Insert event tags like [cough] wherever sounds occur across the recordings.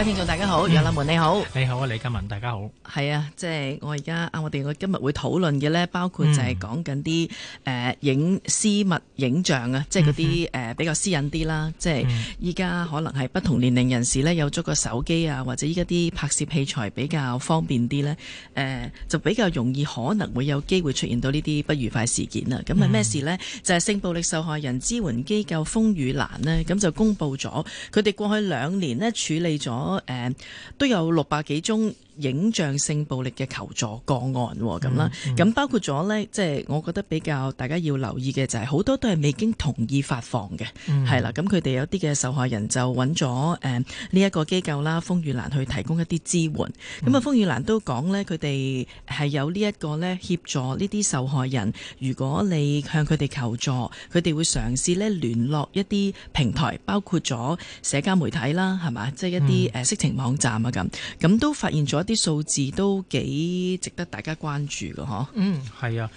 各位聽眾大家好，楊、嗯、立門你好，你好啊李嘉文，大家好。係啊，即、就、係、是、我而家啊，我哋今日會討論嘅咧，包括就係講緊啲誒影私密影像啊，即係嗰啲誒比較私隱啲啦。即係依家可能係不同年齡人士咧有咗個手機啊，或者依家啲拍攝器材比較方便啲咧，誒、呃、就比較容易可能會有機會出現到呢啲不愉快事件啊。咁係咩事咧？嗯、就係性暴力受害人支援機構風雨蘭咧，咁就公布咗佢哋過去兩年咧處理咗。誒都有六百幾宗。影像性暴力嘅求助個案咁啦，咁、嗯嗯、包括咗咧，即係我覺得比較大家要留意嘅就係好多都係未經同意發放嘅，係啦、嗯，咁佢哋有啲嘅受害人就揾咗誒呢一個機構啦，風雨蘭去提供一啲支援。咁啊、嗯，風雨蘭都講咧，佢哋係有呢一個咧協助呢啲受害人。如果你向佢哋求助，佢哋會嘗試咧聯絡一啲平台，嗯、包括咗社交媒體啦，係嘛，即係一啲誒色情網站啊咁，咁都發現咗。啲數字都幾值得大家關注㗎，嗬。嗯，係啊。誒、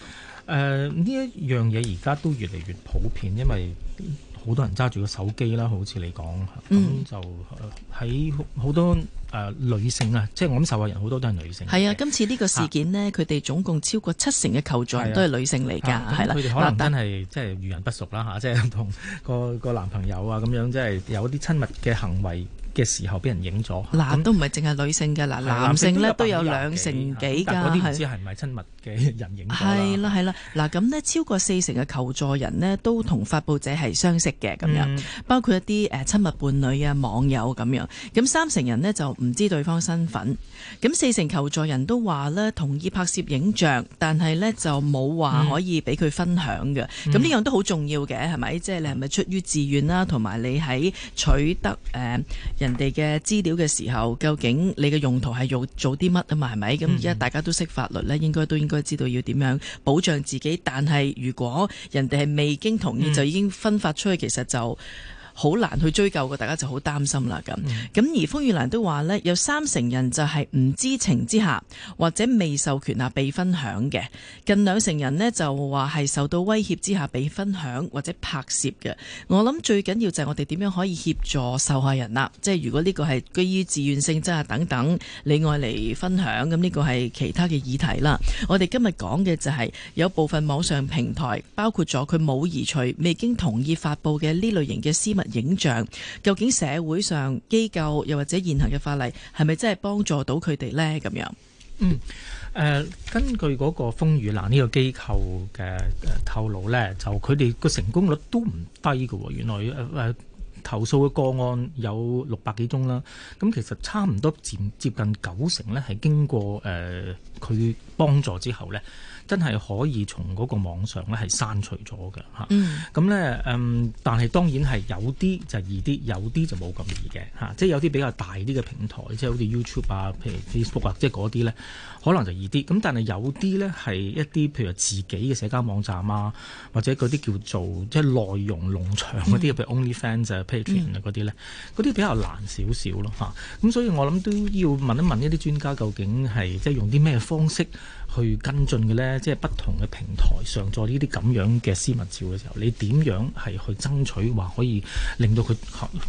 呃，呢一樣嘢而家都越嚟越普遍，因為好多人揸住個手機啦，好似你講，咁、嗯、就喺好、呃、多誒、呃、女性啊，即係我諗受害人好多都係女性。係啊，今次呢個事件呢，佢哋、啊、總共超過七成嘅求助人都係女性嚟㗎，係啦、啊。佢哋、啊啊啊、可能真係即係與人不熟啦嚇、啊，即係同個個男朋友啊咁樣，即係有啲親密嘅行為。嘅時候俾人影咗，男、啊、嗱都唔係淨係女性㗎。嗱男性咧都有兩成幾㗎，嗰啲唔知係唔係親密嘅人影咗。啦。係啦係嗱咁呢超過四成嘅求助人呢都同發布者係相識嘅咁樣，嗯、包括一啲誒、呃、親密伴侶啊網友咁樣。咁三成人呢就唔知對方身份，咁四、嗯、成求助人都話呢同意拍攝影像，但係呢就冇話可以俾佢分享嘅。咁呢、嗯、樣都好重要嘅係咪？即係、就是、你係咪出於自願啦，同埋你喺取得誒。呃人哋嘅資料嘅時候，究竟你嘅用途係要做啲乜啊？嘛係咪？咁而家大家都識法律咧，應該都應該知道要點樣保障自己。但係如果人哋係未經同意就已經分發出去，其實就～好難去追究嘅，大家就好擔心啦咁。咁、嗯、而風雨蘭都話呢，有三成人就係唔知情之下，或者未授權啊被分享嘅；近兩成人呢，就話係受到威脅之下被分享或者拍攝嘅。我諗最緊要就係我哋點樣可以協助受害人啦。即係如果呢個係居於自願性質啊等等，你愛嚟分享咁，呢個係其他嘅議題啦。我哋今日講嘅就係有部分網上平台，包括咗佢冇移除、未經同意發布嘅呢類型嘅私密影像，究竟社會上機構又或者現行嘅法例係咪真係幫助到佢哋呢？咁樣，嗯誒、呃，根據嗰個風雨蘭呢個機構嘅誒透露呢，就佢哋個成功率都唔低噶原來誒誒、呃呃，投訴嘅個案有六百幾宗啦。咁、呃、其實差唔多佔接近九成呢，係經過誒佢、呃、幫助之後呢，真係可以從嗰個網上咧係刪除咗嘅嚇，咁咧，但係當然係有啲就易啲，有啲就冇咁易嘅、啊、即係有啲比較大啲嘅平台，即係好似 YouTube 啊，譬如 Facebook 啊，即係嗰啲咧，可能就易啲。咁但係有啲咧係一啲譬如自己嘅社交網站啊，或者嗰啲叫做即係內容農場嗰啲，譬、嗯、如 OnlyFans 啊、Patreon 啊嗰啲咧，嗰啲、嗯、比較難少少咯嚇。咁所以我諗都要問一問一啲專家，究竟係即係用啲咩方式？去跟進嘅咧，即係不同嘅平台上載呢啲咁樣嘅私密照嘅時候，你點樣係去爭取話可以令到佢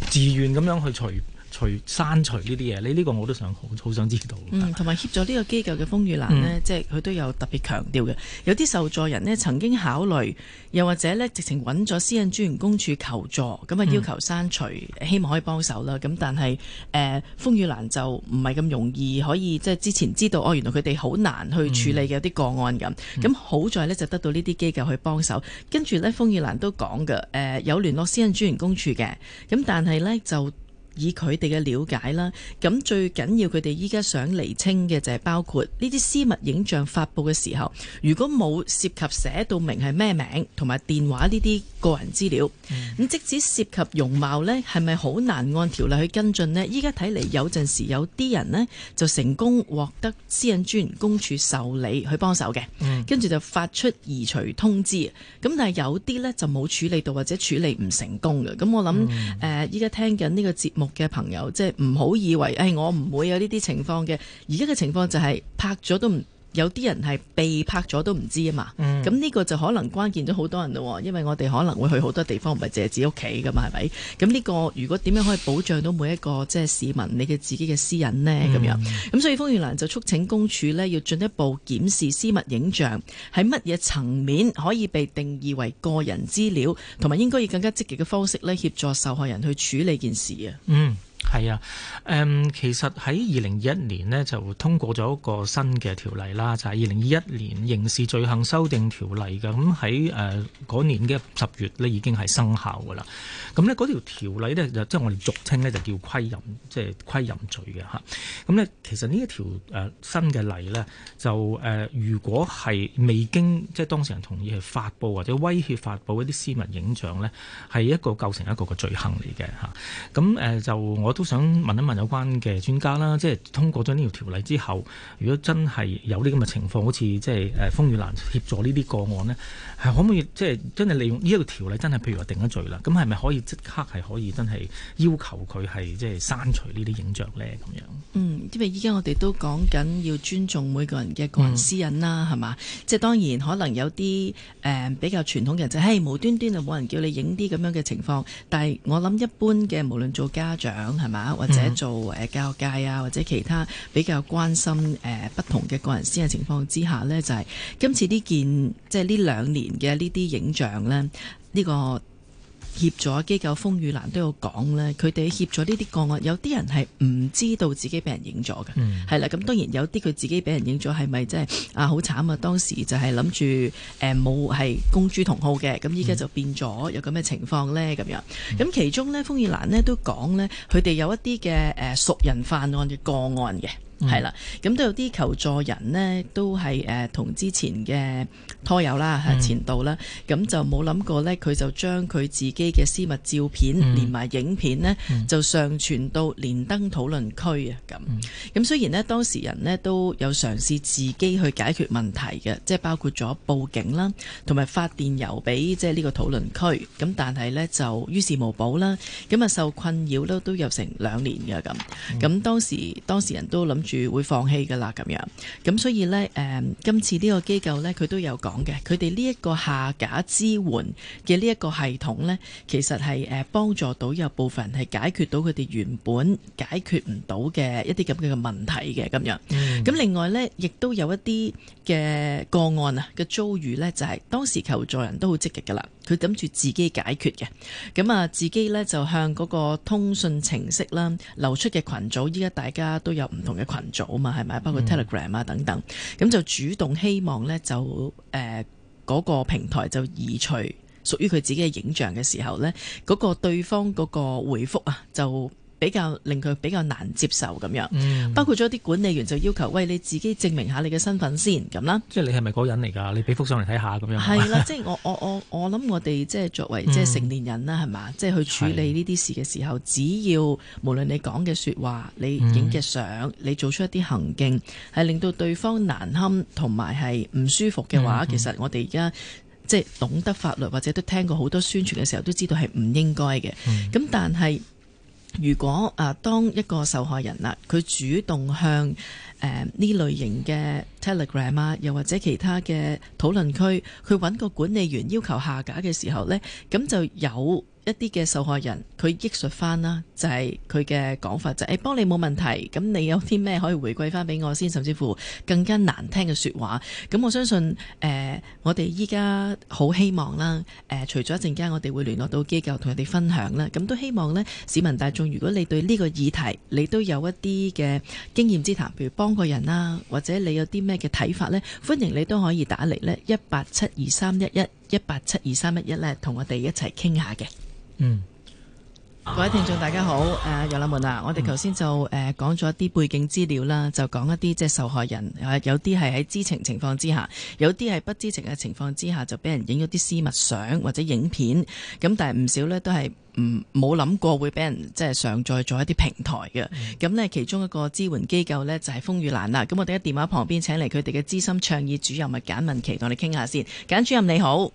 自願咁樣去除？除刪除呢啲嘢，你呢個我都想好想知道。同埋協助呢個機構嘅風雨蘭呢、嗯、即係佢都有特別強調嘅。有啲受助人呢曾經考慮，又或者呢直情揾咗私隱專員公署求助，咁啊要求刪除，嗯、希望可以幫手啦。咁但係誒、呃、風雨蘭就唔係咁容易可以即係之前知道哦，原來佢哋好難去處理嘅啲個案咁。咁、嗯、好在呢，就得到呢啲機構去幫手，跟住呢，風雨蘭都講嘅誒有聯絡私隱專員公署嘅。咁但係呢，就。以佢哋嘅了解啦，咁最緊要佢哋依家想厘清嘅就係包括呢啲私密影像發布嘅時候，如果冇涉及寫到明係咩名同埋電話呢啲個人資料，咁、嗯、即使涉及容貌咧，係咪好難按條例去跟進咧？依家睇嚟有陣時有啲人咧就成功獲得私隱專員公署受理去幫手嘅，跟住、嗯、就發出移除通知，咁但係有啲咧就冇處理到或者處理唔成功嘅，咁我諗誒依家聽緊呢個節目。嘅朋友，即係唔好以為誒、哎，我唔會有呢啲情況嘅。而家嘅情況就係拍咗都唔。有啲人係被拍咗都唔知啊嘛，咁呢、嗯、個就可能關鍵咗好多人咯，因為我哋可能會去好多地方，唔係淨係自己屋企噶嘛，係咪？咁呢、這個如果點樣可以保障到每一個即係市民你嘅自己嘅私隱呢？咁、嗯、樣，咁所以風雨蘭就促請公署呢，要進一步檢視私密影像，喺乜嘢層面可以被定義為個人資料，同埋應該以更加積極嘅方式咧協助受害人去處理件事啊。嗯係啊，誒，其實喺二零二一年呢，就通過咗一個新嘅條例啦，就係二零二一年刑事罪行修訂條例嘅。咁喺誒嗰年嘅十月呢，已經係生效㗎啦。咁呢，嗰條條例呢，就即係我哋俗稱呢，就叫窺淫，即係窺淫罪嘅嚇。咁呢，其實呢一條誒新嘅例呢，就誒如果係未經即係當事人同意去發布或者威脅發布一啲私密影像呢，係一個構成一個個罪行嚟嘅嚇。咁誒就我都，想問一問有關嘅專家啦，即係通過咗呢條條例之後，如果真係有啲咁嘅情況，好似即係誒風雨蘭協助呢啲個案呢，係可唔可以即係真係利用呢一個條例？真係譬如話定咗罪啦，咁係咪可以即刻係可以真係要求佢係即係刪除呢啲影像呢？咁樣嗯，因為依家我哋都講緊要尊重每個人嘅個人私隱啦，係嘛？嗯？即係當然可能有啲誒、呃、比較傳統嘅人就誒、係、無端端就冇人叫你影啲咁樣嘅情況，但係我諗一般嘅無論做家長。係嘛？或者做教育界啊，或者其他比較關心不同嘅個人私隱情況之下呢，就係、是、今次呢件即係呢兩年嘅呢啲影像呢呢、呢個協助機構風雨蘭都有講咧，佢哋協助呢啲個案，有啲人係唔知道自己俾人影咗嘅，係啦、嗯。咁當然有啲佢自己俾人影咗，係咪即係啊好慘啊？當時就係諗住誒冇係公諸同好嘅，咁依家就變咗有咁嘅情況咧咁樣。咁其中咧，風雨蘭呢都講咧，佢哋有一啲嘅誒熟人犯案嘅個案嘅。係啦，咁、嗯、都有啲求助人咧，都係誒同之前嘅拖友啦，嗯、前度啦，咁就冇諗過咧，佢就將佢自己嘅私密照片、嗯、連埋影片咧，嗯、就上傳到連登討論區啊，咁咁、嗯、雖然咧，當事人咧都有嘗試自己去解決問題嘅，即係包括咗報警啦，同埋發電郵俾即係呢個討論區，咁但係咧就於事無補啦，咁啊受困擾咧都有成兩年嘅咁，咁當時當時人都諗住。會放棄噶啦，咁樣，咁所以呢，誒、嗯，今次呢個機構呢，佢都有講嘅，佢哋呢一個下架支援嘅呢一個系統呢，其實係誒幫助到有部分人係解決到佢哋原本解決唔到嘅一啲咁嘅問題嘅，咁樣。咁、嗯嗯、另外呢，亦都有一啲嘅個案啊，嘅遭遇呢，就係、是、當時求助人都好積極噶啦。佢諗住自己解決嘅，咁啊自己呢就向嗰個通訊程式啦，流出嘅群組，依家大家都有唔同嘅群組啊嘛，係咪？包括 Telegram 啊等等，咁、嗯、就主動希望呢，就誒嗰個平台就移除屬於佢自己嘅影像嘅時候呢，嗰、嗰個對方嗰個回覆啊就，比較令佢比較難接受咁樣，嗯、包括咗啲管理員就要求：喂，你自己證明下你嘅身份先咁啦。即係你係咪嗰個人嚟㗎？你俾幅相嚟睇下咁樣。係啦、啊， [laughs] 即係我我我我諗，我哋即係作為即係成年人啦，係嘛、嗯？即係去處理呢啲事嘅時候，是只要無論你講嘅說話、你影嘅相、嗯、你做出一啲行徑，係令到對方難堪同埋係唔舒服嘅話，嗯嗯、其實我哋而家即係懂得法律或者都聽過好多宣傳嘅時候，嗯、都知道係唔應該嘅。咁、嗯、但係。如果啊，當一個受害人啦，佢主動向誒呢類型嘅 Telegram 啊，又或者其他嘅討論區去揾個管理員要求下架嘅時候咧，咁就有。一啲嘅受害人，佢憶述翻啦，就係佢嘅講法就係、是、哎、幫你冇問題，咁你有啲咩可以回饋翻俾我先，甚至乎更加難聽嘅說話。咁我相信、呃、我哋依家好希望啦、呃。除咗一陣間，我哋會聯絡到機構同佢哋分享啦。咁都希望呢，市民大眾，如果你對呢個議題，你都有一啲嘅經驗之談，譬如幫個人啦，或者你有啲咩嘅睇法呢，歡迎你都可以打嚟呢一八七二三一一一八七二三一一咧，同我哋一齊傾下嘅。嗯，各位聽眾大家好，誒、uh，楊立門啊，我哋頭先就誒講咗一啲背景資料啦，就講一啲即係受害人，誒，有啲係喺知情情況之下，有啲係不知情嘅情況之下就俾人影咗啲私密相或者影片，咁但係唔少呢，都係唔冇諗過會俾人即係、就是、上載咗一啲平台嘅，咁呢，其中一個支援機構呢，就係風雨蘭啦，咁我哋喺電話旁邊請嚟佢哋嘅資深倡議主任簡敏棋，同你傾下先，簡主任你好。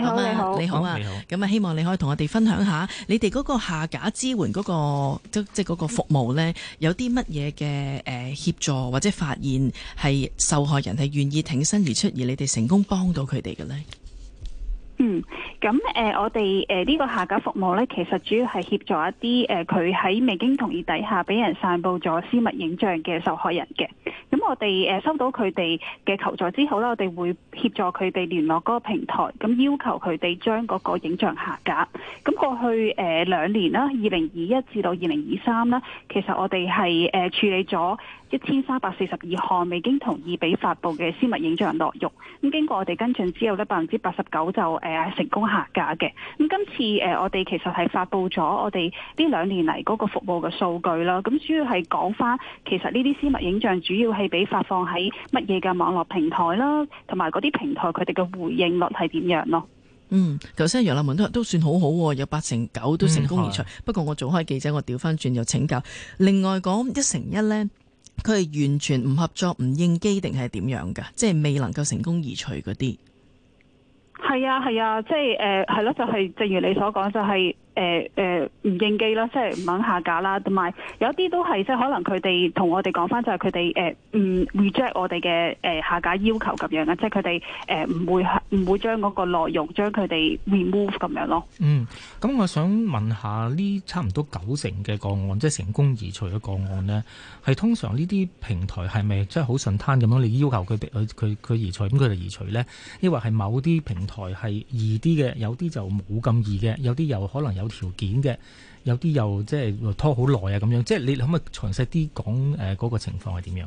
你好，你好，嗯、你好啊！咁啊好，希望你可以同我哋分享下你哋嗰個下架支援嗰個即即嗰個服務咧，有啲乜嘢嘅誒協助或者發現係受害人係願意挺身而出，而你哋成功幫到佢哋嘅咧？嗯，咁誒，我哋誒呢個下架服務咧，其實主要係協助一啲誒佢喺未經同意底下俾人散布咗私密影像嘅受害人嘅。我哋誒收到佢哋嘅求助之後呢，我哋會協助佢哋聯絡嗰個平台，咁要求佢哋將嗰個影像下架。咁過去誒兩年啦，二零二一至到二零二三啦，其實我哋係誒處理咗。一千三百四十二項未經同意俾發布嘅私密影像落獄。咁經過我哋跟進之後咧，百分之八十九就誒成功下架嘅。咁今次誒我哋其實係發布咗我哋呢兩年嚟嗰個服務嘅數據啦。咁主要係講翻，其實呢啲私密影像主要係俾發放喺乜嘢嘅網絡平台啦，同埋嗰啲平台佢哋嘅回應率係點樣咯？嗯，頭先楊立文都都算好好，有八成九都成功移除。嗯、不過我做開記者，我調翻轉又請教，另外講一成一呢。佢係完全唔合作、唔應機定係點樣㗎？即係未能夠成功移除嗰啲。係啊，係啊，即係誒，係、呃、咯，就係、係、正如你所講，就係、係。誒誒唔應機啦，即係唔肯下架啦，同埋有啲都係即係可能佢哋同我哋講翻就係、是、佢哋誒唔、呃、reject 我哋嘅誒下架要求咁樣啦，即係佢哋誒唔會唔會將嗰個內容將佢哋 remove 咁樣咯、嗯。嗯，咁、嗯、我想問下呢差唔多九成嘅個案，即係成功移除嘅個案呢，係通常呢啲平台係咪即係好順攤咁樣？你要求佢哋，佢佢移除，咁佢哋移除呢，因為係某啲平台係易啲嘅，有啲就冇咁易嘅，有啲又可能有。有條件嘅，有啲又即係拖好耐啊，咁樣，即係你可唔可以詳細啲講誒嗰個情況係點樣？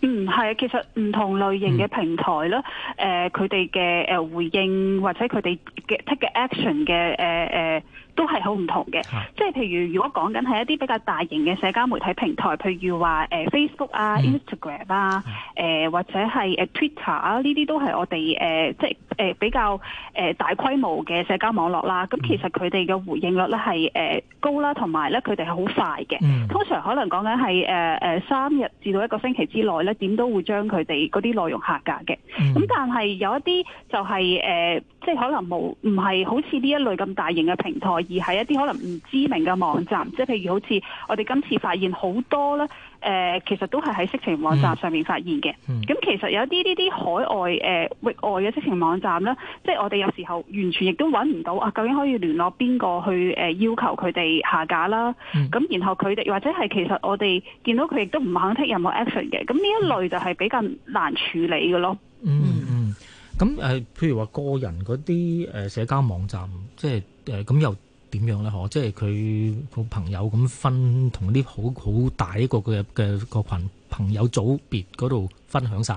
嗯，係啊，其實唔同類型嘅平台啦，誒、嗯，佢哋嘅誒回應或者佢哋嘅 take action 嘅誒誒。呃呃都係好唔同嘅，即係譬如如果講緊係一啲比較大型嘅社交媒體平台，譬如話、呃、Facebook 啊、Instagram 啊，嗯呃、或者係 Twitter 啊，呢啲都係我哋、呃、即係、呃、比較、呃、大規模嘅社交網絡啦。咁其實佢哋嘅回應率咧係、呃、高啦，同埋咧佢哋係好快嘅，通常可能講緊係誒三日至到一個星期之內咧，點都會將佢哋嗰啲內容下架嘅。咁、嗯、但係有一啲就係、是、誒。呃即係可能冇唔係好似呢一類咁大型嘅平台，而係一啲可能唔知名嘅網站，即係譬如好似我哋今次發現好多咧，誒、呃、其實都係喺色情網站上面發現嘅。咁、嗯嗯、其實有啲呢啲海外誒、呃、域外嘅色情網站咧，即係我哋有時候完全亦都揾唔到啊！究竟可以聯絡邊個去誒、呃、要求佢哋下架啦？咁、嗯、然後佢哋或者係其實我哋見到佢亦都唔肯 take 任何 action 嘅。咁呢一類就係比較難處理嘅咯嗯。嗯。咁、呃、譬如話個人嗰啲誒社交網站，即係咁、呃、又點樣咧？即係佢個朋友咁分同啲好好大一個嘅嘅個,個群朋友組別嗰度分享晒。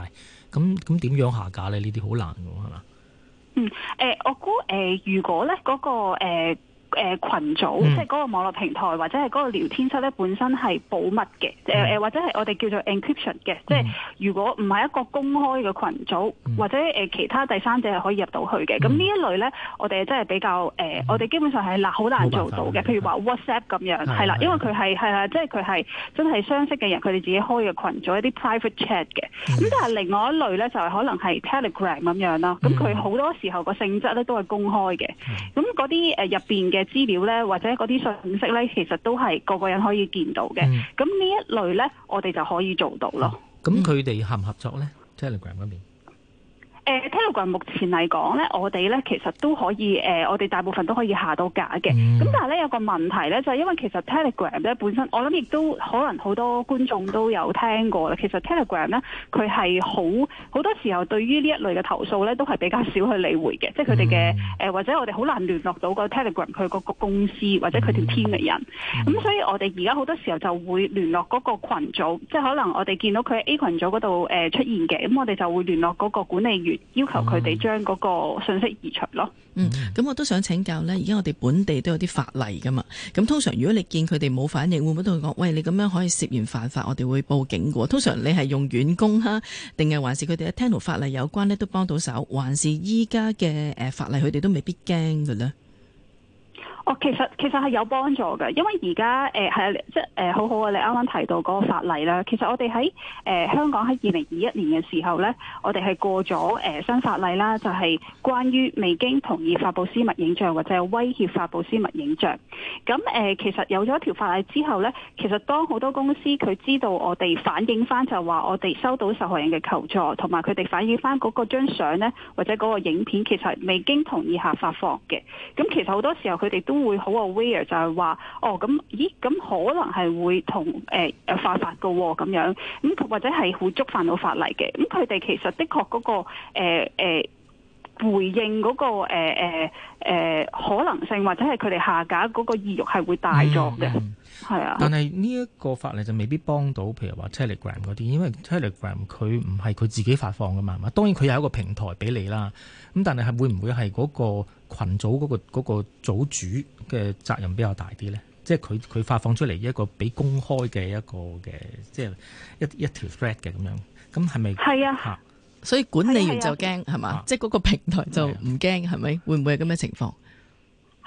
咁咁點樣下架咧？呢啲好難嘅，係嘛？嗯、呃、我估誒、呃，如果咧嗰、嗰個、呃誒群組，即係嗰個網絡平台或者係嗰個聊天室咧，本身係保密嘅，誒誒，或者係我哋叫做 encryption 嘅，即係如果唔係一個公開嘅群組，或者誒其他第三者係可以入到去嘅，咁呢一類咧，我哋真係比較誒，我哋基本上係難好難做到嘅，譬如話 WhatsApp 咁樣，係啦，因為佢係係係，即係佢係真係相識嘅人，佢哋自己開嘅群組一啲 private chat 嘅，咁但係另外一類咧就係可能係 Telegram 咁樣啦，咁佢好多時候個性質咧都係公開嘅，咁嗰啲誒入邊嘅。資料咧，或者嗰啲信息咧，其實都係個個人可以見到嘅。咁呢、嗯、一類咧，我哋就可以做到咯。咁佢哋合唔合作咧？Telegram 嗰邊？誒、呃、Telegram 目前嚟講咧，我哋咧其實都可以，誒、呃、我哋大部分都可以下到架嘅。咁、mm hmm. 但係咧有個問題咧，就係、因為其實 Telegram 咧本身，我諗亦都可能好多觀眾都有聽過啦。其實 Telegram 咧佢係好好多時候對於呢一類嘅投訴咧都係比較少去理會嘅，即係佢哋嘅或者我哋好難聯絡到個 Telegram 佢嗰個公司或者佢條 team 嘅人。咁、mm hmm. 嗯、所以我哋而家好多時候就會聯絡嗰個群組，即係可能我哋見到佢喺 A 群組嗰度誒、出現嘅，咁我哋就會聯絡嗰個管理員。要求佢哋將嗰個訊息移除咯。嗯，咁我都想請教呢。而家我哋本地都有啲法例噶嘛。咁通常如果你見佢哋冇反應，會唔會同佢講？喂，你咁樣可以涉嫌犯法，我哋會報警嘅。通常你係用軟工哈，定係還是佢哋一聽到法例有關呢都幫到手，還是依家嘅誒法例佢哋都未必驚嘅呢？哦，其實其實係有幫助嘅，因為而家誒係即係誒好好啊！你啱啱提到嗰個法例啦，其實我哋喺誒香港喺二零二一年嘅時候咧，我哋係過咗誒、呃、新法例啦，就係、是、關於未經同意發佈私密影像或者威脅發佈私密影像。咁誒、呃、其實有咗一條法例之後咧，其實當好多公司佢知道我哋反映翻，就話我哋收到受害人嘅求助，同埋佢哋反映翻嗰個張相咧或者嗰個影片，其實未經同意下發放嘅。咁其實好多時候佢哋都會好 aware 就係話，哦咁咦咁可能係會同誒犯法噶，咁樣咁或者係會觸犯到法例嘅，咁佢哋其實的確嗰、那個誒誒、呃呃、回應嗰、那個誒誒誒可能性或者係佢哋下架嗰個意欲係會大咗嘅。嗯嗯係啊，但係呢一個法例就未必幫到，譬如話 Telegram 嗰啲，因為 Telegram 佢唔係佢自己發放㗎嘛嘛，當然佢有一個平台俾你啦。咁但係係會唔會係嗰個群組嗰、嗰個嗰、嗰個、組主嘅責任比較大啲咧？即係佢佢發放出嚟一個俾公開嘅一個嘅，即係一一,一,一,一,一條 thread 嘅咁樣。咁係咪？係啊。嚇、啊！所以管理員就驚係嘛？啊、即係嗰個平台就唔驚係咪？會唔會係咁嘅情況？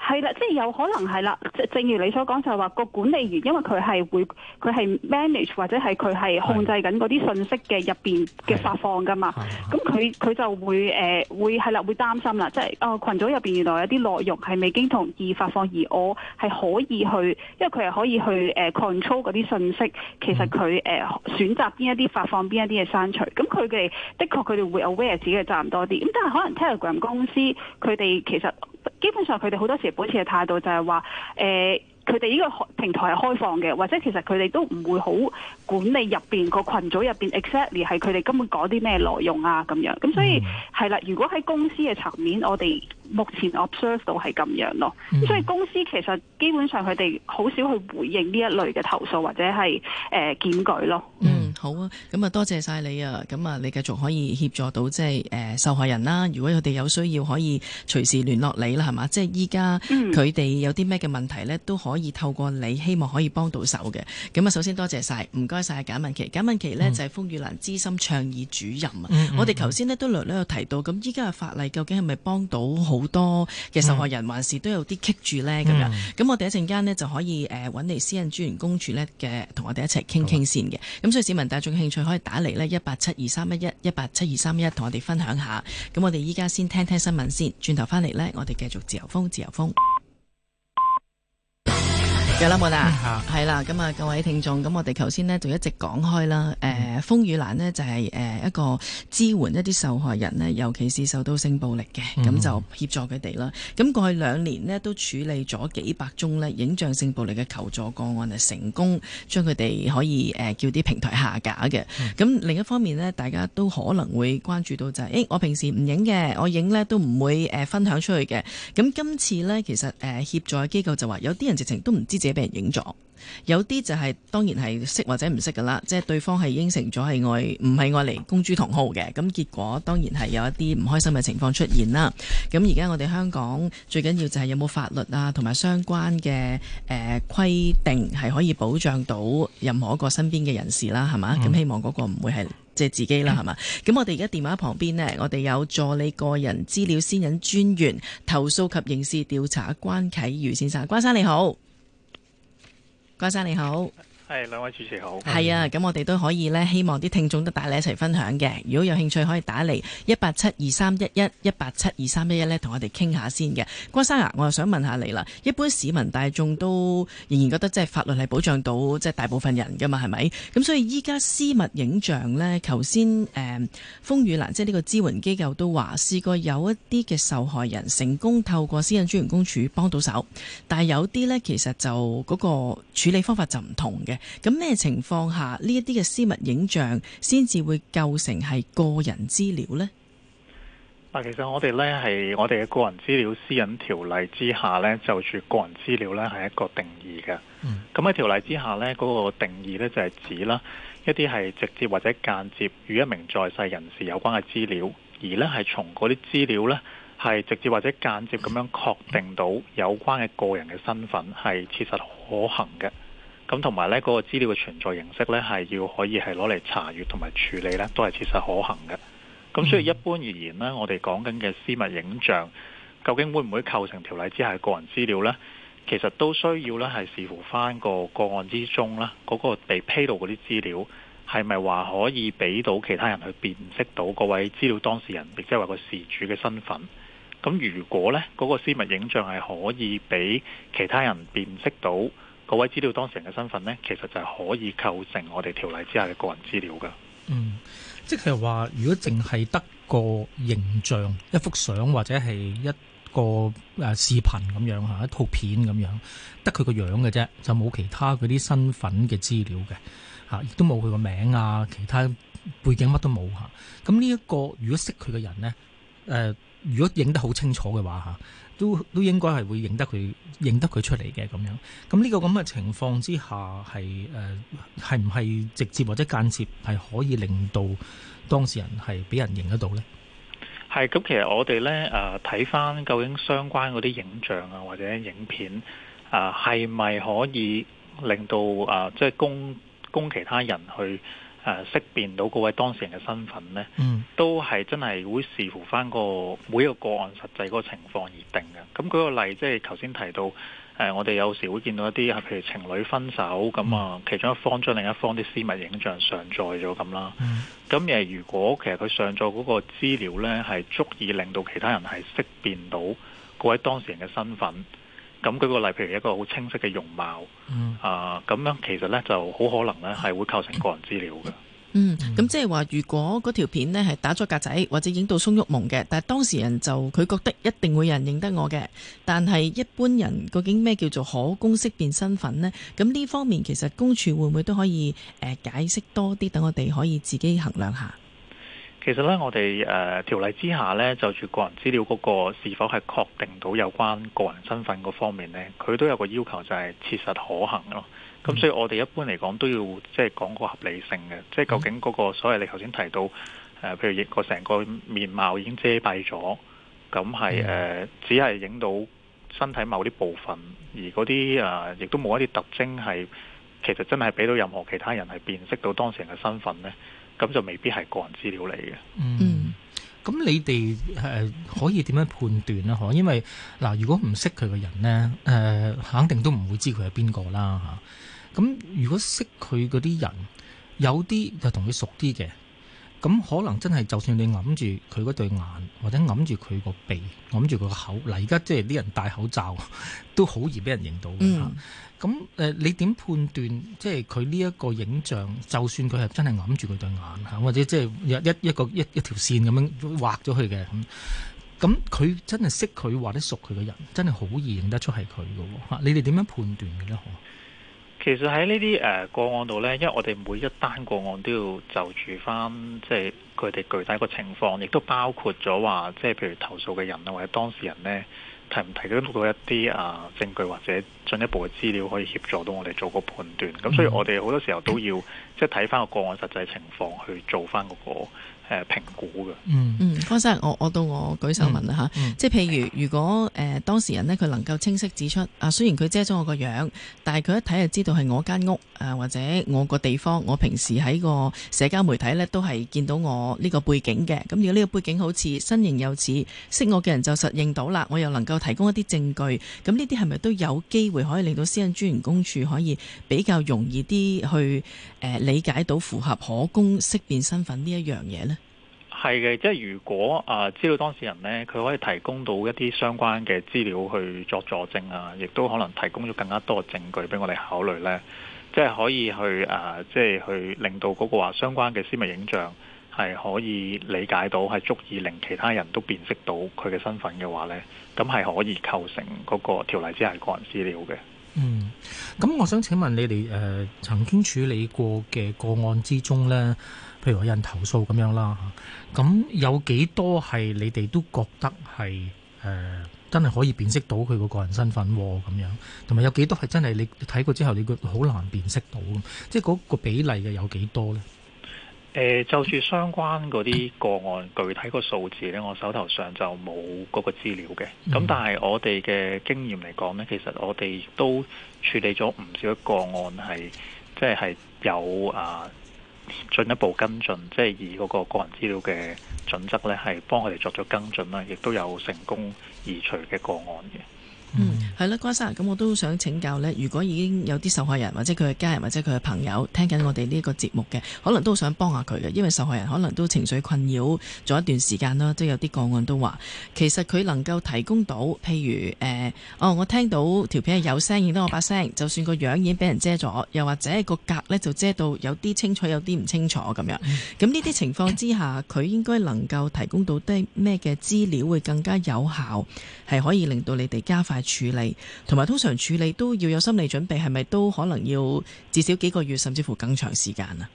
係啦，即係有可能係啦，即正如你所講，就係話個管理員因為佢係會佢係 manage 或者係佢係控制緊嗰啲信息嘅入邊嘅發放㗎嘛，咁佢佢就會誒會係啦會擔心啦，即係哦群組入邊原來有啲內容係未經同意發放而我係可以去，因為佢係可以去 control 嗰啲信息，其實佢誒、呃、選擇邊一啲發放邊一啲嘅刪除，咁佢哋的確佢哋會 aware 自己嘅責任多啲，咁但係可能 Telegram 公司佢哋其實基本上佢哋好多時。保持嘅態度就係、是、話，誒佢哋呢個平台係開放嘅，或者其實佢哋都唔會好管理入邊個群組入邊，exactly 係佢哋根本講啲咩內容啊咁樣。咁所以係啦、嗯，如果喺公司嘅層面，我哋目前 observe 到係咁樣咯。嗯、所以公司其實基本上佢哋好少去回應呢一類嘅投訴或者係誒、呃、檢舉咯。好啊，咁啊多謝晒你啊，咁啊你繼續可以協助到即係、就是呃、受害人啦。如果佢哋有需要，可以隨時聯絡你啦，係嘛？即係依家佢哋有啲咩嘅問題咧，都可以透過你，希望可以幫到手嘅。咁啊，首先多謝晒，唔該曬簡敏棋。簡敏棋呢，嗯、就係風雨蘭資深倡議主任啊。嗯嗯、我哋頭先呢，都略略有提到，咁依家嘅法例究竟係咪幫到好多嘅受害人，嗯、還是都有啲棘住咧咁、嗯、樣？咁我哋一陣間呢，就可以誒揾嚟私隱專員公署咧嘅同我哋一齊傾傾先嘅。咁、啊、所以市民。大家仲興趣可以打嚟咧一八七二三一一一八七二三一，同我哋分享下。咁我哋依家先聽聽新聞先，轉頭翻嚟咧，我哋繼續自由風，自由風。冇係啦，咁啊， [music] 各位聽眾，咁我哋頭先呢就一直講開啦，誒、呃，風雨蘭呢就係、是、誒一個支援一啲受害人呢，尤其是受到性暴力嘅，咁就協助佢哋啦。咁過去兩年呢都處理咗幾百宗呢影像性暴力嘅求助個案啊，成功將佢哋可以誒、呃、叫啲平台下架嘅。咁另一方面呢，大家都可能會關注到就係、是，誒、欸，我平時唔影嘅，我影呢都唔會誒、呃、分享出去嘅。咁今次呢，其實誒協、呃、助機構就話，有啲人直情都唔知俾人影咗，有啲就係、是、當然係識或者唔識噶啦，即、就、係、是、對方係應承咗係外唔係我嚟公諸同好嘅，咁結果當然係有一啲唔開心嘅情況出現啦。咁而家我哋香港最緊要就係有冇法律啊，同埋相關嘅誒規定係可以保障到任何一個身邊嘅人士啦，係嘛？咁、嗯、希望嗰個唔會係即係自己啦，係嘛？咁我哋而家電話旁邊呢，我哋有助理個人資料私隱專員投訴及刑事調查關啟宇先生，關生你好。關生你好。係兩位主持好，係啊，咁我哋都可以呢，希望啲聽眾都帶你一齊分享嘅。如果有興趣，可以打嚟一八七二三一一一八七二三一一呢同我哋傾下先嘅。關生啊，我又想問下你啦。一般市民大眾都仍然覺得即係法律係保障到即係大部分人噶嘛，係咪？咁所以依家私密影像呢，頭先誒風雨蘭，即係呢個支援機構都話，試過有一啲嘅受害人成功透過私隱專員公署幫到手，但係有啲呢，其實就嗰個處理方法就唔同嘅。咁咩情況下呢一啲嘅私密影像先至會構成係個人資料呢？嗱，其實我哋呢係我哋嘅個人資料私隱條例之下呢，就住個人資料呢係一個定義嘅。咁喺、嗯、條例之下呢，嗰、那個定義呢就係、是、指啦，一啲係直接或者間接與一名在世人士有關嘅資料，而呢係從嗰啲資料呢係直接或者間接咁樣確定到有關嘅個人嘅身份係切實可行嘅。咁同埋呢，嗰個資料嘅存在形式呢，係要可以係攞嚟查閲同埋處理呢都係切實可行嘅。咁所以一般而言呢，我哋講緊嘅私密影像，究竟會唔會構成條例之下個人資料呢？其實都需要呢，係視乎翻個個案之中啦，嗰個被披露嗰啲資料係咪話可以俾到其他人去辨識到嗰位資料當事人，亦即係話個事主嘅身份？咁如果呢，嗰個私密影像係可以俾其他人辨識到，嗰位資料當事人嘅身份呢，其實就係可以構成我哋條例之下嘅個人資料噶。嗯，即係話，如果淨係得個形象、一幅相或者係一個誒、啊、視頻咁樣嚇，一套片咁樣，得佢個樣嘅啫，就冇其他嗰啲身份嘅資料嘅嚇，亦、啊、都冇佢個名啊，其他背景乜都冇嚇。咁呢一個如果識佢嘅人呢，誒、啊，如果影得好清楚嘅話嚇。啊都都應該係會認得佢認得佢出嚟嘅咁樣，咁呢個咁嘅情況之下係誒係唔係直接或者間接係可以令到當事人係俾人認得到呢？係咁，其實我哋呢，誒睇返究竟相關嗰啲影像啊或者影片啊係咪可以令到誒、呃、即係供供其他人去誒、啊、識辨到嗰位當事人嘅身份呢、嗯、都係真係會視乎翻個每一個個案實際嗰個情況而定嘅。咁舉個例，即係頭先提到誒、啊，我哋有時會見到一啲譬如情侶分手咁啊，嗯、其中一方將另一方啲私密影像上載咗咁啦。咁誒、啊，嗯、咁如果其實佢上載嗰個資料呢，係足以令到其他人係識辨到嗰位當事人嘅身份。咁舉個例，譬如一個好清晰嘅容貌，嗯、啊，咁樣其實呢就好可能呢係會構成個人資料嘅。嗯，咁即係話，如果嗰條片呢係打咗格仔或者影到鬆郁矇嘅，但係當事人就佢覺得一定會有人認得我嘅，但係一般人究竟咩叫做可供識辨身份呢？咁呢方面其實公署會唔會都可以、呃、解釋多啲，等我哋可以自己衡量下。其實咧，我哋誒條例之下咧，就住個人資料嗰個是否係確定到有關個人身份嗰方面咧，佢都有個要求就係切實可行咯。咁所以我哋一般嚟講都要即係講個合理性嘅，即係究竟嗰、嗰個所謂你頭先提到、呃、譬如影個成個面貌已經遮蔽咗，咁係 Yeah.、呃、只係影到身體某啲部分，而嗰啲誒亦都冇一啲特徵係其實真係俾到任何其他人係辨識到當事人嘅身份咧。咁就未必係個人資料嚟嘅。嗯，咁你哋誒、呃、可以點樣判斷咧？可因為嗱，如果唔識佢嘅人呢，誒、呃、肯定都唔會知佢係邊個啦嚇。咁、啊、如果識佢嗰啲人，有啲就同佢熟啲嘅。咁可能真係，就算你揞住佢嗰對眼，或者揞住佢個鼻，揞住佢個口，嗱，而家即係啲人戴口罩都好易俾人認到嘅。咁、嗯、你點判斷即係佢呢一個影像？就算佢係真係揞住佢對眼或者即係一一個一一條線咁樣畫咗佢嘅咁，咁佢真係識佢或者熟佢嘅人，真係好易認得出係佢㗎喎。你哋點樣判斷嘅咧？其實喺呢啲誒個案度呢，因為我哋每一單個案都要就住翻，即係佢哋具體個情況，亦都包括咗話，即係譬如投訴嘅人啊，或者當事人呢，提唔提到到一啲啊證據或者進一步嘅資料，可以協助到我哋做個判斷。咁所以我哋好多時候都要即係睇翻個個案實際情況去做翻嗰個。誒評估嘅，嗯嗯，方生，我我到我舉手問啦嚇，嗯嗯、即係譬如如果誒、呃、當事人呢，佢能夠清晰指出，啊雖然佢遮咗我個樣，但係佢一睇就知道係我間屋，誒、啊、或者我個地方，我平時喺個社交媒體呢，都係見到我呢個背景嘅，咁如果呢個背景好似身形又似，識我嘅人就實認到啦，我又能夠提供一啲證據，咁呢啲係咪都有機會可以令到私隱專員公署可以比較容易啲去、呃、理解到符合可供識別身份呢一樣嘢呢？係嘅，即係如果啊，資料當事人呢，佢可以提供到一啲相關嘅資料去作佐證啊，亦都可能提供咗更加多嘅證據俾我哋考慮呢。即係可以去啊，即係去令到嗰個話相關嘅私密影像係可以理解到，係足以令其他人都辨識到佢嘅身份嘅話呢，咁係可以構成嗰個條例之下的個人資料嘅。嗯，咁我想請問你哋誒、呃、曾經處理過嘅個案之中呢。譬如有人投訴咁樣啦，咁有幾多係你哋都覺得係誒、呃、真係可以辨識到佢個個人身份咁樣，同埋有幾多係真係你睇過之後你會好難辨識到，即係嗰個比例嘅有幾多呢？誒、呃，就住相關嗰啲個案， [coughs] 具體個數字呢，我手頭上就冇嗰個資料嘅。咁但係我哋嘅經驗嚟講呢，其實我哋都處理咗唔少個案係，即係、係有啊。進一步跟進，即係以嗰個個人資料嘅準則呢，係幫佢哋作咗跟進啦，亦都有成功移除嘅個案嘅。Mm. 嗯，係啦，關生，咁我都想請教咧。如果已經有啲受害人或者佢嘅家人或者佢嘅朋友聽緊我哋呢個節目嘅，可能都想幫下佢嘅，因為受害人可能都情緒困擾咗一段時間啦，即係、就是、有啲個案都話其實佢能夠提供到，譬如，誒、呃、哦，我聽到條片係有聲，見到我把聲就算個樣已經俾人遮咗，又或者個格咧就遮到有啲清楚有啲唔清楚咁樣，咁呢啲情況之下，佢應該能夠提供到啲咩嘅資料會更加有效，係可以令到你哋加快處理同埋通常處理都要有心理準備，係咪都可能要至少幾個月，甚至乎更長時間啊？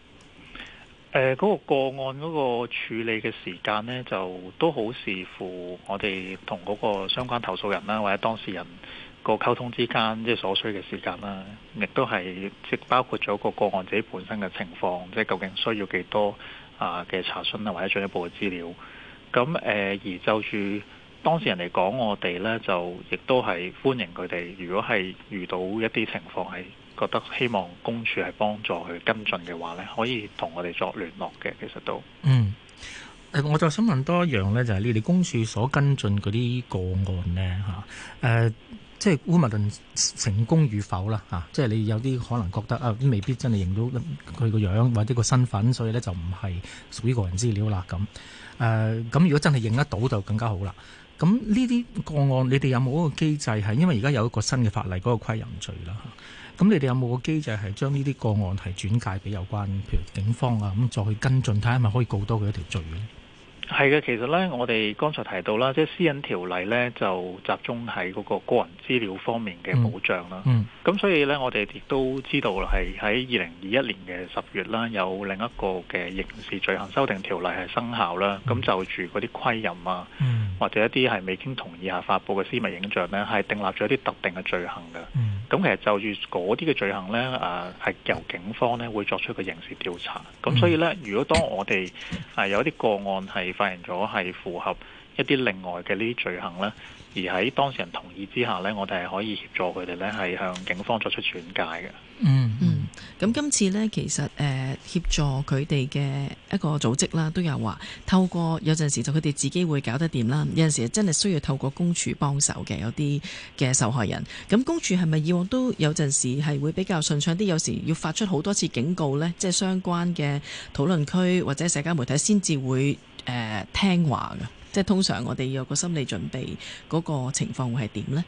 呃，嗰個個案嗰個處理嘅時間呢，就都好視乎我哋同嗰個相關投訴人啦，或者當事人個溝通之間，即係，所需嘅時間啦，亦都係即包括咗個個案自己本身嘅情況，即係究竟需要幾多啊嘅查詢啊，或者進一步嘅資料。咁誒、呃，而就住。當事人嚟講，我哋咧就亦都係歡迎佢哋。如果係遇到一啲情況係覺得希望公署係幫助佢跟進嘅話咧，可以同我哋作聯絡嘅。其實都嗯、呃、我就想問多一樣咧，就係、是、你哋公署所跟進嗰啲個案咧、啊呃、即係烏雲頓成功與否啦、啊、即係你有啲可能覺得啊，未必真係認到佢個樣或者個身份，所以咧就唔係屬於個人資料啦咁。誒、啊、咁、呃，如果真係認得到，就更加好啦。咁呢啲個案，你哋有冇一個機制係？因為而家有一個新嘅法例，嗰、個窺淫罪啦。咁你哋有冇個機制係將呢啲個案係轉介俾有關，譬如警方啊，咁再去跟進，睇下係咪可以告多佢一條罪呢？係嘅，其實咧，我哋剛才提到啦，即係私隱條例咧，就集中喺嗰個個人資料方面嘅保障啦。咁、嗯嗯、所以咧，我哋亦都知道係喺二零二一年嘅十月啦，有另一個嘅刑事罪行修訂條例係生效啦。咁就住嗰啲窺淫啊，嗯、或者一啲係未經同意下發布嘅私密影像咧，係訂立咗一啲特定嘅罪行嘅。咁其實就住嗰啲嘅罪行咧，誒、啊、係由警方咧會作出個刑事調查。咁所以咧，如果當我哋係、啊、有一啲個案係發現咗係符合一啲另外嘅呢啲罪行咧，而喺當事人同意之下咧，我哋係可以協助佢哋咧係向警方作出轉介嘅。嗯。咁今次呢，其實誒、呃、協助佢哋嘅一個組織啦，都有話透過，有陣時就佢哋自己會搞得掂啦，有陣時真係需要透過公署幫手嘅，有啲嘅受害人。咁公署係咪以往都有陣時係會比較順暢啲，有時要發出好多次警告呢？即係相關嘅討論區或者社交媒體先至會誒、呃、聽話㗎。即係通常我哋有個心理準備，嗰、那個情況會係點呢？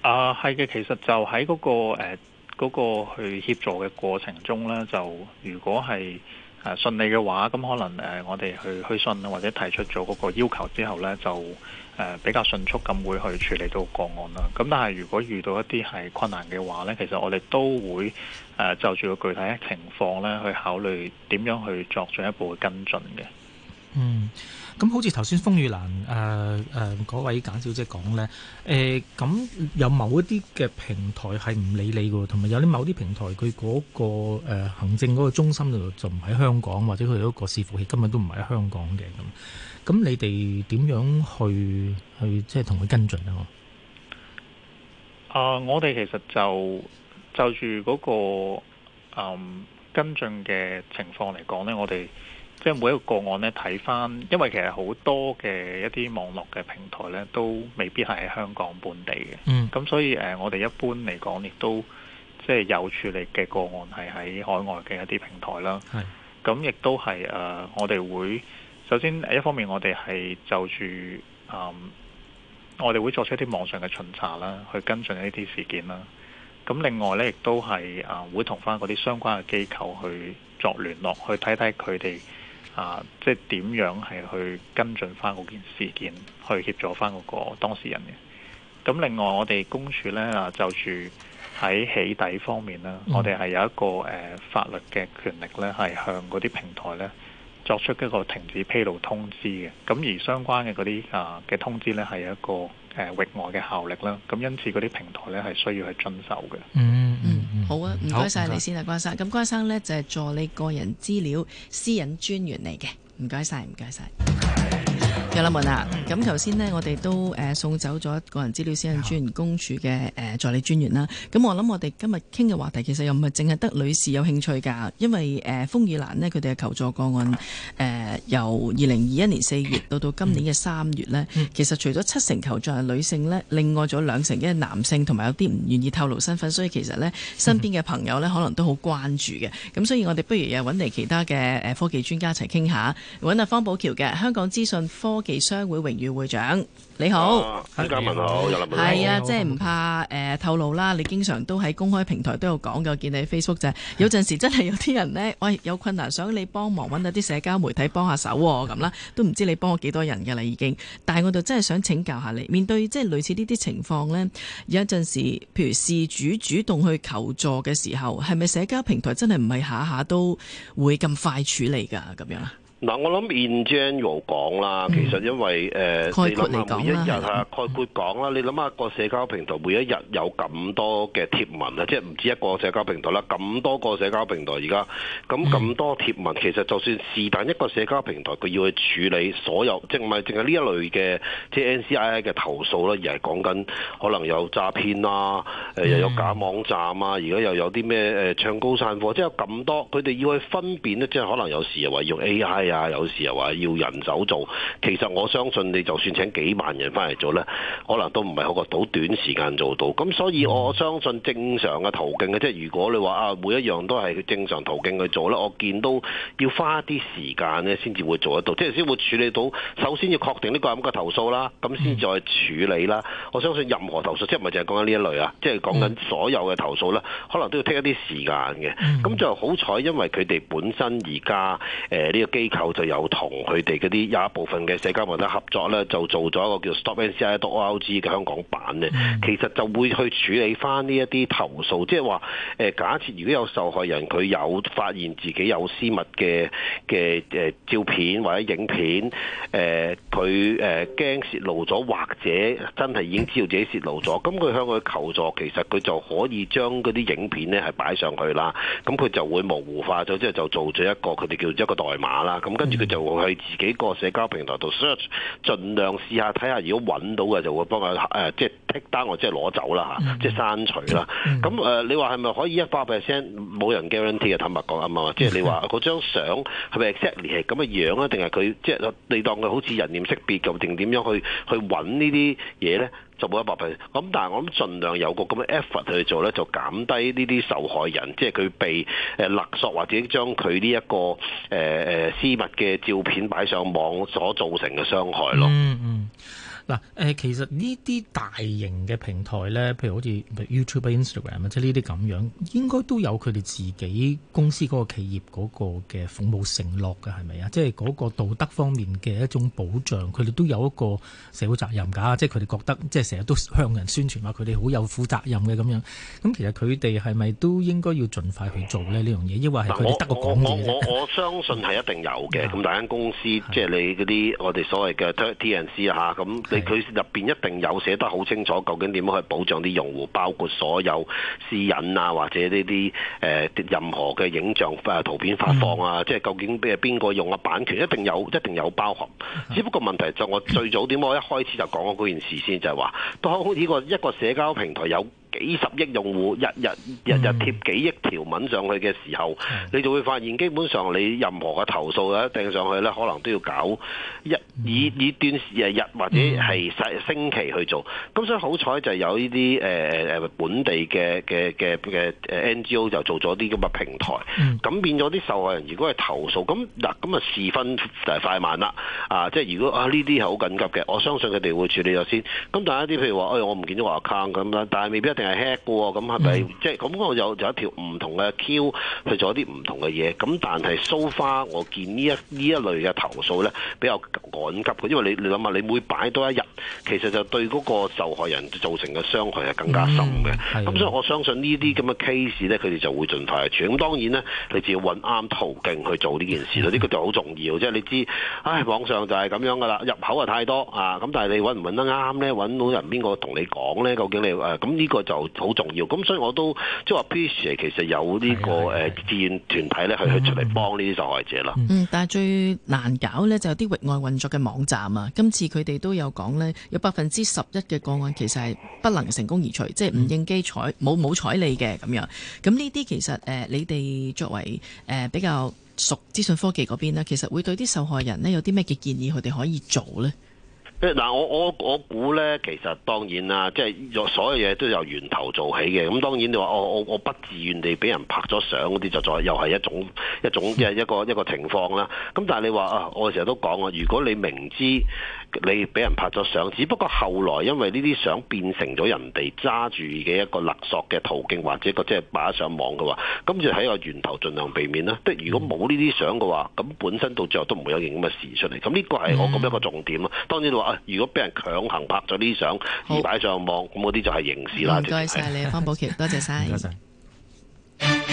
啊、呃，係嘅，其實就喺嗰、那個、呃嗰個去協助嘅過程中呢，就如果係誒順利嘅話，咁可能我哋去虛信或者提出咗嗰個要求之後呢，就比較迅速咁會去處理到個案啦。咁但係如果遇到一啲係困難嘅話呢，其實我哋都會就住個具體嘅情況呢，去考慮點樣去作進一步嘅跟進嘅。嗯，咁好似頭先風雨蘭誒誒嗰位簡小姐講呢，誒、呃、咁有某一啲嘅平台係唔理你嘅，同埋有啲某啲平台佢嗰、嗰個、呃、行政嗰個中心度就唔喺香港，或者佢嗰個伺服器根本都唔喺香港嘅咁。咁你哋點樣去去即係同佢跟進啊？啊、呃，我哋其實就就住嗰、嗰個、嗯、跟進嘅情況嚟講呢，我哋。即係每一個個案咧，睇翻，因為其實好多嘅一啲網絡嘅平台咧，都未必係香港本地嘅。嗯。咁所以誒，我哋一般嚟講，亦都即係有處理嘅個案係喺海外嘅一啲平台啦。咁亦係都係誒、呃，我哋會首先一方面我哋係就住、呃，我哋係就住誒，我哋會作出一啲網上嘅巡查啦，去跟進呢啲事件啦。咁另外咧，亦都係誒，會同翻嗰啲相關嘅機構去作聯絡，去睇睇佢哋。啊，即係點樣係去跟進翻嗰件事件，去協助翻嗰個當事人嘅。咁另外，我哋公署呢，就住喺起底方面呢，我哋係有一個誒、呃、法律嘅權力呢，係向嗰啲平台呢作出一個停止披露通知嘅。咁而相關嘅嗰啲啊嘅通知呢係有一個。誒域外嘅效力啦，咁因此嗰啲平台咧係需要去遵守嘅。嗯嗯嗯，好謝謝啊，唔該晒你先啦，關生。咁關生咧就係助理個人資料私隱專員嚟嘅，唔該晒，唔該晒。嘅啦，咁頭先呢，我哋都送走咗個人資料私隱專員公署嘅誒助理專員啦。咁我諗我哋今日傾嘅話題，其實又唔係淨係得女士有興趣㗎。因為誒風雨蘭呢，佢哋嘅求助個案誒由二零二一年四月到到今年嘅三月呢，其實除咗七成求助係女性呢，另外咗兩成嘅男性同埋有啲唔願意透露身份，所以其實呢，身邊嘅朋友呢，可能都好關注嘅。咁所以我哋不如又揾嚟其他嘅科技專家一齊傾下，揾阿方保僑嘅香港資訊科。技商會榮譽會長，你好，大家問好，係啊，即係唔怕誒透、嗯呃、透露啦。你經常都喺公開平台都有講噶，見你 Facebook 就係、有陣時真係有啲人呢，喂、哎，有困難想你幫忙，搵到啲社交媒體幫下手咁啦，都唔知你幫我幾多人噶啦已經。但係我就真係想請教下你，面對即係類似呢啲情況呢，有陣時譬如事主主動去求助嘅時候，係咪社交平台真係唔係下下都會咁快處理噶咁樣啊？嗱，我諗 in j e n u a r 講講啦，其實因為誒你諗下每一日啊，概括講啦，的你諗下個社交平台每一日有咁多嘅貼文啊，嗯、即係唔止一個社交平台啦，咁多個社交平台而家，咁咁多貼文，嗯、其實就算是但一個社交平台，佢要去處理所有，即係唔係淨係呢一類嘅即係 N C I I 嘅投訴啦，而係講緊可能有詐騙啦，誒、呃嗯、又有假網站啊，而家又有啲咩誒唱高散貨，即係咁多，佢哋要去分辨呢即係可能有時又話用 A I 啊。啊！有時候話要人手做，其實我相信你就算請幾萬人翻嚟做呢，可能都唔係好過到短時間做到。咁所以我相信正常嘅途徑嘅，即係如果你話啊，每一樣都係正常途徑去做呢，我見到要花啲時間呢先至會做得到，即係先會處理到。首先要確定呢個咁嘅投訴啦，咁先再處理啦。嗯、我相信任何投訴，即係唔係淨係講緊呢一類啊，即係講緊所有嘅投訴啦，可能都要 take 一啲時間嘅。咁就好彩，因為佢哋本身而家誒呢個機。就又同佢哋嗰啲有一部分嘅社交網站合作咧，就做咗一個叫 StopNCII.org 嘅香港版咧，其實就會去處理翻呢一啲投訴，即係話誒，假設如果有受害人佢有發現自己有私密嘅嘅誒照片或者影片，誒佢誒驚泄露咗，或者真係已經知道自己泄露咗，咁佢向佢求助，其實佢就可以將嗰啲影片咧係擺上去啦，咁佢就會模糊化咗，之後就做咗一個佢哋叫做一個代碼啦。咁、嗯、跟住佢就會去自己個社交平台度 search，盡量試下睇下，如果揾到嘅就會幫佢、呃就是、即係 take down 或係攞走啦、嗯、即係刪除啦。咁誒、嗯呃，你話係咪可以一百 percent 冇人 guarantee 嘅、嗯？坦白講啊嘛，即係你話嗰張相係咪 exactly 係咁嘅樣啊？定係佢即係你當佢好似人臉識別咁，定點樣去去揾呢啲嘢咧？就冇一百 percent，咁但係我諗盡量有個咁嘅 effort 去做咧，就減低呢啲受害人，即係佢被勒索或者將佢呢一個誒誒、呃、私密嘅照片擺上網所造成嘅傷害咯、嗯。嗯嗯。嗱，其實呢啲大型嘅平台咧，譬如好似 YouTube、Instagram 即係呢啲咁樣，應該都有佢哋自己公司嗰個企業嗰個嘅服務承諾㗎，係咪啊？即係嗰個道德方面嘅一種保障，佢哋都有一個社會責任㗎，即係佢哋覺得即係成日都向人宣傳話佢哋好有負責任嘅咁樣。咁其實佢哋係咪都應該要盡快去做呢樣嘢？抑或係佢哋得個講嘢？我我,我相信係一定有嘅。咁 [laughs] 大間公司，即係你嗰啲我哋所謂嘅 T&C 咁。佢入面一定有寫得好清楚，究竟點樣去保障啲用戶，包括所有私隱啊，或者呢啲、呃、任何嘅影像、啊、圖片發放啊，即係究竟咩邊個用啊，版權一定有一定有包含。只不過問題就我最早點，我一開始就講嗰件事先，就係、是、話當呢個一個社交平台有。幾十億用戶日日日日貼幾億條文上去嘅時候，你就會發現基本上你任何嘅投訴一掟上去咧，可能都要搞一、嗯、以以段時日或者係星期去做。咁所以好彩就有呢啲誒誒本地嘅嘅嘅嘅 NGO 就做咗啲咁嘅平台，咁、嗯、變咗啲受害人如果係投訴咁嗱咁啊事分就係快慢啦啊！即係如果啊呢啲係好緊急嘅，我相信佢哋會處理咗先。咁但係一啲譬如話誒、哎、我唔見咗我 account 咁啦，但係未必一定。係咁係咪即係咁？我有就一條唔同嘅 Q 去做一啲唔同嘅嘢，咁但係、so far，我見呢一呢一類嘅投訴咧比較緊急嘅，因為你你諗下，你每擺多一日，其實就對嗰個受害人造成嘅傷害係更加深嘅。咁、嗯嗯、所以我相信呢啲咁嘅 case 咧，佢哋就會盡快去處理。咁當然咧，你就要揾啱途徑去做呢件事啦。呢、嗯、個就好重要，即、就、係、是、你知，唉，網上就係咁樣㗎啦，入口啊太多啊，咁但係你揾唔揾得啱咧？揾到人邊個同你講咧？究竟你誒咁呢個就就好重要，咁所以我都即係話，其實有呢個誒志願團體咧，係去出嚟幫呢啲受害者啦。嗯，但係最難搞咧，就有啲域外運作嘅網站啊。今次佢哋都有講咧，有百分之十一嘅個案其實係不能成功移除，即係唔應機採冇冇採理嘅咁樣。咁呢啲其實誒、呃，你哋作為誒、呃、比較熟資訊科技嗰邊咧，其實會對啲受害人呢有啲咩嘅建議，佢哋可以做呢？嗱、啊，我我我估咧，其實當然啦，即係所有嘢都由源頭做起嘅。咁當然你話，我我我不自願地俾人拍咗相嗰啲，就再又係一種一種即係一個一個情況啦。咁但係你話啊，我成日都講啊，如果你明知。你俾人拍咗相，只不過後來因為呢啲相變成咗人哋揸住嘅一個勒索嘅途徑，或者一個即係擺上網嘅話，咁就喺個源頭盡量避免啦。即係如果冇呢啲相嘅話，咁本身到最後都唔會有件咁嘅事出嚟。咁呢個係我咁一個重點囉。嗯、當然話啊，如果俾人強行拍咗呢啲相而擺上網，咁嗰啲就係刑事啦。多謝你，是方保僑，多謝晒。 [laughs]